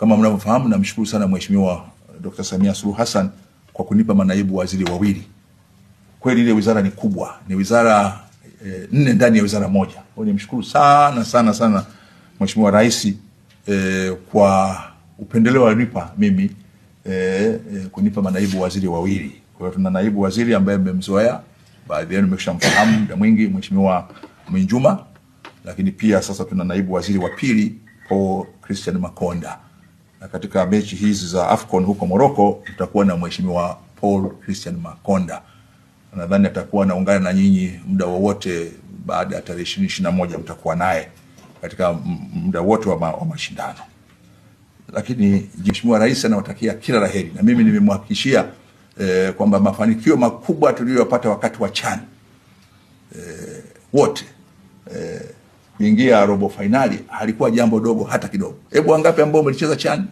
Kama mnavyofahamu, namshukuru sana Mheshimiwa Dr. Samia Suluhu Hassan kwa kunipa manaibu waziri wawili. Kweli ile wizara ni kubwa, ni wizara eh, nne ndani ya wizara moja. Kwa nimshukuru sana sana sana Mheshimiwa Rais eh, kwa upendeleo alinipa mimi eh, eh, kunipa manaibu waziri wawili. Kwa hiyo tuna naibu waziri ambaye mmemzoea, baadhi yenu mmeshamfahamu muda mwingi, Mheshimiwa Mwinjuma, lakini pia sasa tuna naibu waziri wa pili Paul Christian Makonda na katika mechi hizi za AFCON huko Morocco tutakuwa na mheshimiwa Paul Christian Makonda, nadhani atakuwa anaungana na nyinyi muda wowote baada ya tarehe ishirini moja mtakuwa naye katika muda wote wa, ma, wa mashindano. Lakini Mheshimiwa Rais anawatakia kila laheri, na mimi nimemhakikishia eh, kwamba mafanikio makubwa tuliyopata wakati wa CHAN eh, wote kuingia robo fainali halikuwa jambo dogo hata kidogo. Hebu wangapi ambao mlicheza chani,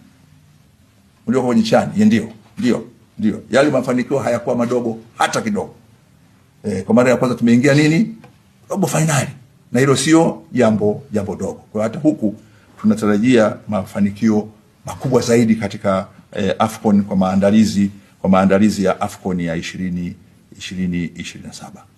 mliokuwa kwenye chani? Ndio, ndio, ndio, yale mafanikio hayakuwa madogo hata kidogo. E, kwa mara ya kwanza tumeingia nini, robo fainali, na hilo sio jambo jambo dogo. Kwa hata huku tunatarajia mafanikio makubwa zaidi katika e, AFCON kwa maandalizi kwa maandalizi ya AFCON ya ishirini ishirini ishirini na saba.